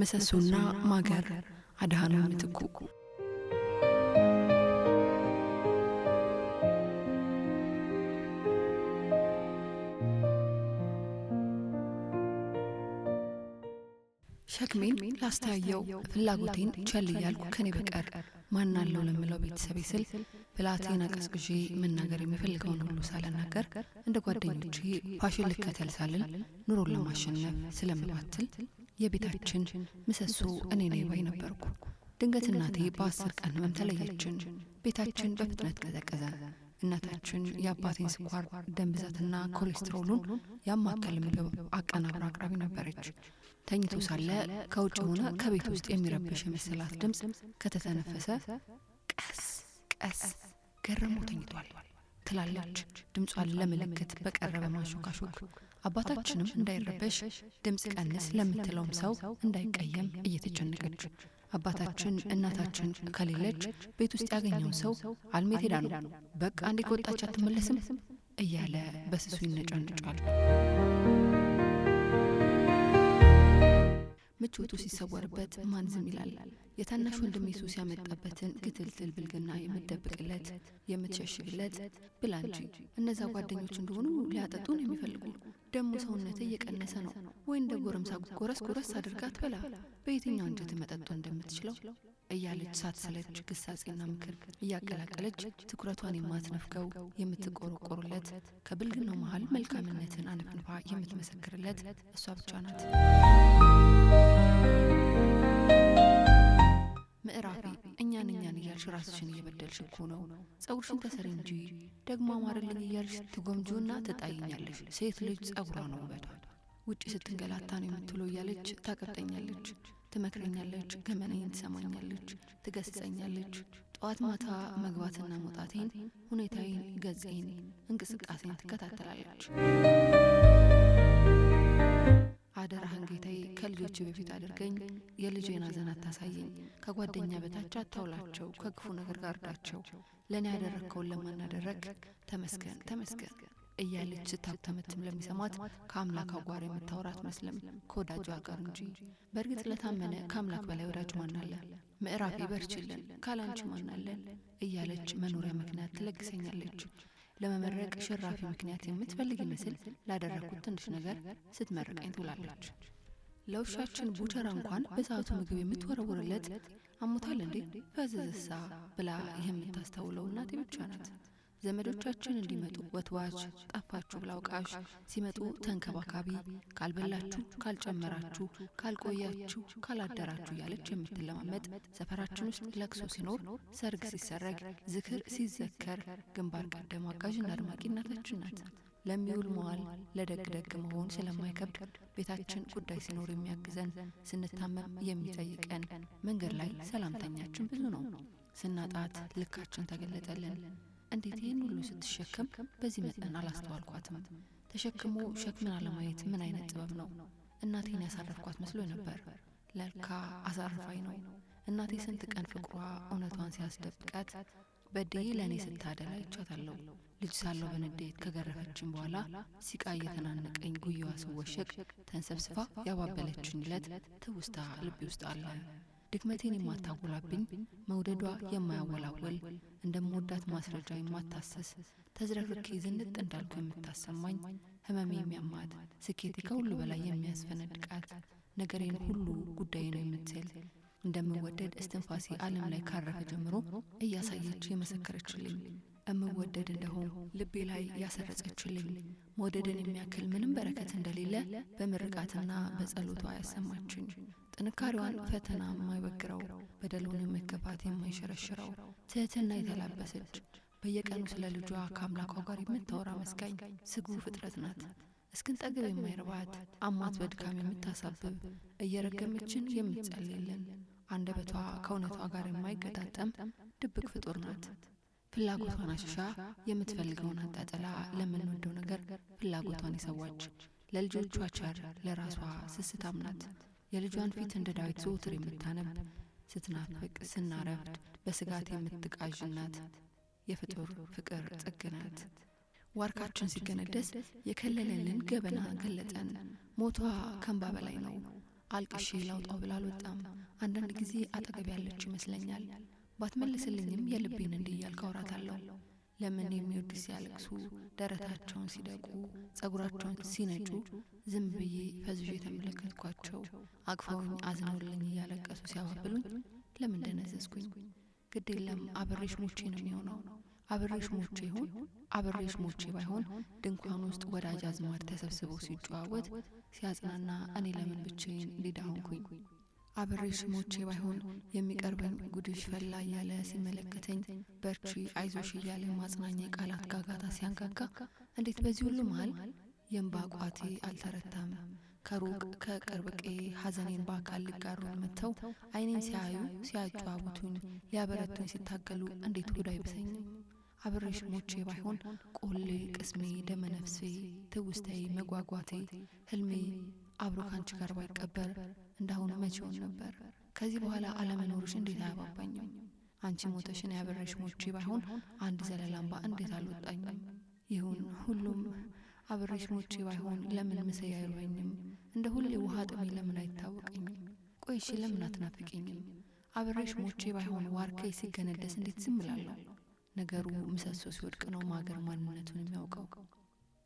ምሰሶና ማገር አድሃኖም ምትኩ ሸክሜን ላስተያየው ፍላጎቴን ቸል እያልኩ ከኔ በቀር ማናለው ለምለው ቤተሰቤ ስል ብልሃቴን አቀዝቅዤ መናገር የምፈልገውን ሁሉ ሳልናገር እንደ ጓደኞች ፋሽን ልከተል ሳልል ኑሮን ለማሸነፍ ስለምባትል የቤታችን ምሰሶ እኔ ነኝ ባይ ነበርኩ። ድንገት እናቴ በአስር ቀን ህመም ተለየችን። ቤታችን በፍጥነት ቀዘቀዘ። እናታችን የአባቴን ስኳር፣ ደም ብዛትና ኮሌስትሮሉን ያማከለ ምግብ አቀናብራ አቅራቢ ነበረች። ተኝቶ ሳለ ከውጭ ሆነ ከቤት ውስጥ የሚረብሽ የመሰላት ድምፅ ከተተነፈሰ ቀስ ቀስ ገረሞ ተኝቷል ትላለች። ድምጿን ለምልክት በቀረበ ማሾካሾክ አባታችንም እንዳይረበሽ ድምፅ ቀንስ ለምትለውም ሰው እንዳይቀየም እየተጨነቀች አባታችን እናታችን ከሌለች ቤት ውስጥ ያገኘውን ሰው አልሜቴዳ ነው በቃ አንዴ ከወጣች አትመለስም እያለ በስሱ ይነጫንጫል። ምቾቱ ሲሰወርበት ማን ዝም ይላል? የታናሽ ወንድሜ ሱስ ያመጣበትን ግትልትል ብልግና የምደብቅለት የምትሸሽግለት ብላ እንጂ እነዛ ጓደኞች እንደሆኑ ሊያጠጡን የሚፈልጉ ደግሞ ሰውነት እየቀነሰ ነው ወይ እንደ ጎረምሳ ጎረስ ጎረስ አድርጋት በየትኛው አንጀት እንደምትችለው እያለች ሳትሰለች ግሳጼና ምክር እያቀላቀለች ትኩረቷን የማትነፍገው የምትቆረቆሩለት ከብልግናው መሀል መልካምነትን አነፍንፋ የምትመሰክርለት እሷ ብቻ ናት። ምዕራፊ እኛን እኛን እያልሽ ራስሽን እየበደልሽ እኮ ነው። ጸጉርሽን ተሰሪ እንጂ ደግሞ አማርልኝ እያልሽ ትጎምጆና ትጣይኛለሽ። ሴት ልጅ ጸጉሯ ነው ውበቷ። ውጭ ስትንገላታ ነው የምትውለው እያለች ታቀብጠኛለች። ትመክረኛለች፣ ገመናዬን ትሰማኛለች፣ ትገስጸኛለች። ጠዋት ማታ መግባትና መውጣቴን፣ ሁኔታዬን፣ ገጽን፣ እንቅስቃሴን ትከታተላለች። አደራህን ጌታዬ ከልጆች በፊት አድርገኝ፣ የልጄን አዘን አታሳየኝ፣ ከጓደኛ በታች አታውላቸው፣ ከክፉ ነገር ጋርዳቸው። ለእኔ ያደረግከውን ለማናደረግ ተመስገን ተመስገን። እያለች ስታተመትም ለሚሰማት ከአምላኳ ጋር የምታወራት መስለም ከወዳጇ ጋር እንጂ። በእርግጥ ለታመነ ከአምላክ በላይ ወዳጅ ማናለ? ምዕራፍ ይበርችልን ካላንቺ ማናለ? እያለች መኖሪያ ምክንያት ትለግሰኛለች። ለመመረቅ ሽራፊ ምክንያት የምትፈልግ ይመስል ላደረግኩት ትንሽ ነገር ስትመርቀኝ ትውላለች። ለውሻችን ቡቸራ እንኳን በሰዓቱ ምግብ የምትወረውርለት አሞታል እንዴ ፈዘዘሳ ብላ የምታስተውለው እናቴ ብቻ ናት። ዘመዶቻችን እንዲመጡ ወትዋች፣ ጠፋችሁ ብላውቃሽ ሲመጡ ተንከባካቢ፣ ካልበላችሁ፣ ካልጨመራችሁ፣ ካልቆያችሁ፣ ካላደራችሁ እያለች የምትለማመጥ ሰፈራችን ውስጥ ለቅሶ ሲኖር፣ ሰርግ ሲሰረግ፣ ዝክር ሲዘከር ግንባር ቀደም አጋዥና አድማቂ እናታችን ናት። ለሚውል መዋል ለደግ ደግ መሆን ስለማይከብድ ቤታችን ጉዳይ ሲኖር የሚያግዘን ስንታመም የሚጠይቀን መንገድ ላይ ሰላምተኛችን ብዙ ነው። ስናጣት ልካችን ተገለጠልን። እንዴት ይህን ሁሉ ስትሸከም በዚህ መጠን አላስተዋልኳትም። ተሸክሞ ሸክምን አለማየት ምን አይነት ጥበብ ነው? እናቴን ያሳረፍኳት መስሎ ነበር። ለካ አሳርፋኝ ነው። እናቴ ስንት ቀን ፍቅሯ እውነቷን ሲያስደብቀት በዴ ለእኔ ስታደላ ይቻታለሁ። ልጅ ሳለው በንዴት ከገረፈችን በኋላ ሲቃ እየተናነቀኝ ጉያዋ ስወሸቅ ተንሰብስፋ ያባበለችን ዕለት ትውስታ ልቤ ውስጥ አለ። ድክመቴን የማታወላብኝ መውደዷ የማያወላወል እንደምወዳት ማስረጃ የማታሰስ ተዝረክርኬ ዝንጥ እንዳልኩ የምታሰማኝ ህመሜ የሚያማት ስኬቴ ከሁሉ በላይ የሚያስፈነድቃት ነገሬን ሁሉ ጉዳይ ነው የምትል እንደምወደድ እስትንፋሴ ዓለም ላይ ካረፈ ጀምሮ እያሳየች የመሰከረችልኝ እምወደድ እንደሆን ልቤ ላይ ያሰረጸችልኝ መውደድን የሚያክል ምንም በረከት እንደሌለ በምርቃትና በጸሎቷ ያሰማችኝ ጥንካሬዋን ፈተና የማይበግረው በደሉን መገፋት የማይሸረሽረው ትህትና የተላበሰች በየቀኑ ስለ ልጇ ከአምላኳ ጋር የምታወራ መስጋኝ ስጉ ፍጥረት ናት። እስክን ጠግብ የማይርባት አሟት በድካም የምታሳብብ እየረገመችን የምትጸልይልን አንደበቷ ከእውነቷ ጋር የማይገጣጠም ድብቅ ፍጡር ናት። ፍላጎቷን አሽሻ የምትፈልገውን አጣጥላ ለምንወደው ነገር ፍላጎቷን የሰዋች ለልጆቿ ቸር፣ ለራሷ ስስታም ናት። የልጇን ፊት እንደ ዳዊት ዘወትር የምታነብ ስትናፍቅ፣ ስናረፍድ በስጋት የምትቃዥ ናት። የፍጡር ፍቅር ጥግ ናት። ዋርካችን ሲገነደስ የከለለልን ገበና ገለጠን። ሞቷ ከእንባ በላይ ነው። አልቅሼ ላውጣው ብላ አልወጣም። አንዳንድ ጊዜ አጠገብ ያለች ይመስለኛል። ባትመልስልኝም የልቤን እንዲህ እያልክ አውራታለሁ። ለምን የሚወዱ ሲያለቅሱ፣ ደረታቸውን ሲደቁ፣ ጸጉራቸውን ሲነጩ ዝም ብዬ ፈዝዤ የተመለከትኳቸው አቅፈውኝ አዝነውልኝ እያለቀሱ ሲያባብሉኝ ለምን ደነዘዝኩኝ? ግድ የለም አብሬሽ ሞቼ ነው የሚሆነው። አብሬሽ ሞቼ ይሁን አብሬሽ ሞቼ ባይሆን ድንኳን ውስጥ ወዳጅ አዝማድ ተሰብስበው ሲጨዋወት ሲያጽናና እኔ ለምን ብቻዬን ዲዳ አብሬ ሽሞቼ ባይሆን የሚቀርበኝ ጉድሽ ፈላ እያለ ሲመለከተኝ በርቺ አይዞሽ እያለ ማጽናኛ ቃላት ጋጋታ ሲያንጋጋ እንዴት በዚህ ሁሉ መሃል የእንባ ቋቴ አልተረታም። ከሩቅ ከቅርብቄ ሐዘኔን በአካል ሊጋሩን መጥተው አይኔን ሲያዩ ሲያጫዋቡቱኝ ሊያበረቱኝ ሲታገሉ እንዴት ሆድ አይብሰኝም? አብሬሽ ሞቼ ባይሆን ቆሌ፣ ቅስሜ፣ ደመነፍሴ፣ ትውስታዬ፣ መጓጓቴ፣ ህልሜ አብሮ ካንቺ ጋር ባይቀበር እንዳሁኑ መቼውን ነበር? ከዚህ በኋላ አለመኖርሽ እንዴት አያባባኝም? አንቺ ሞተሽን ያበረሽ ሞቼ ባይሆን አንድ ዘለላምባ እንዴት አልወጣኝም? ይሁን ሁሉም አብሬሽ ሞቼ ባይሆን ለምን ምሰይ አይርበኝም? እንደ ሁሌ ውሃ ጥሜ ለምን አይታወቀኝም? ቆይሽ ለምን አትናፍቅኝም አብሬሽ ሞቼ ባይሆን ዋርካይ ሲገነደስ እንዴት ዝም እላለሁ? ነገሩ ምሰሶ ሲወድቅ ነው ማገር ማንነቱን የሚያውቀው።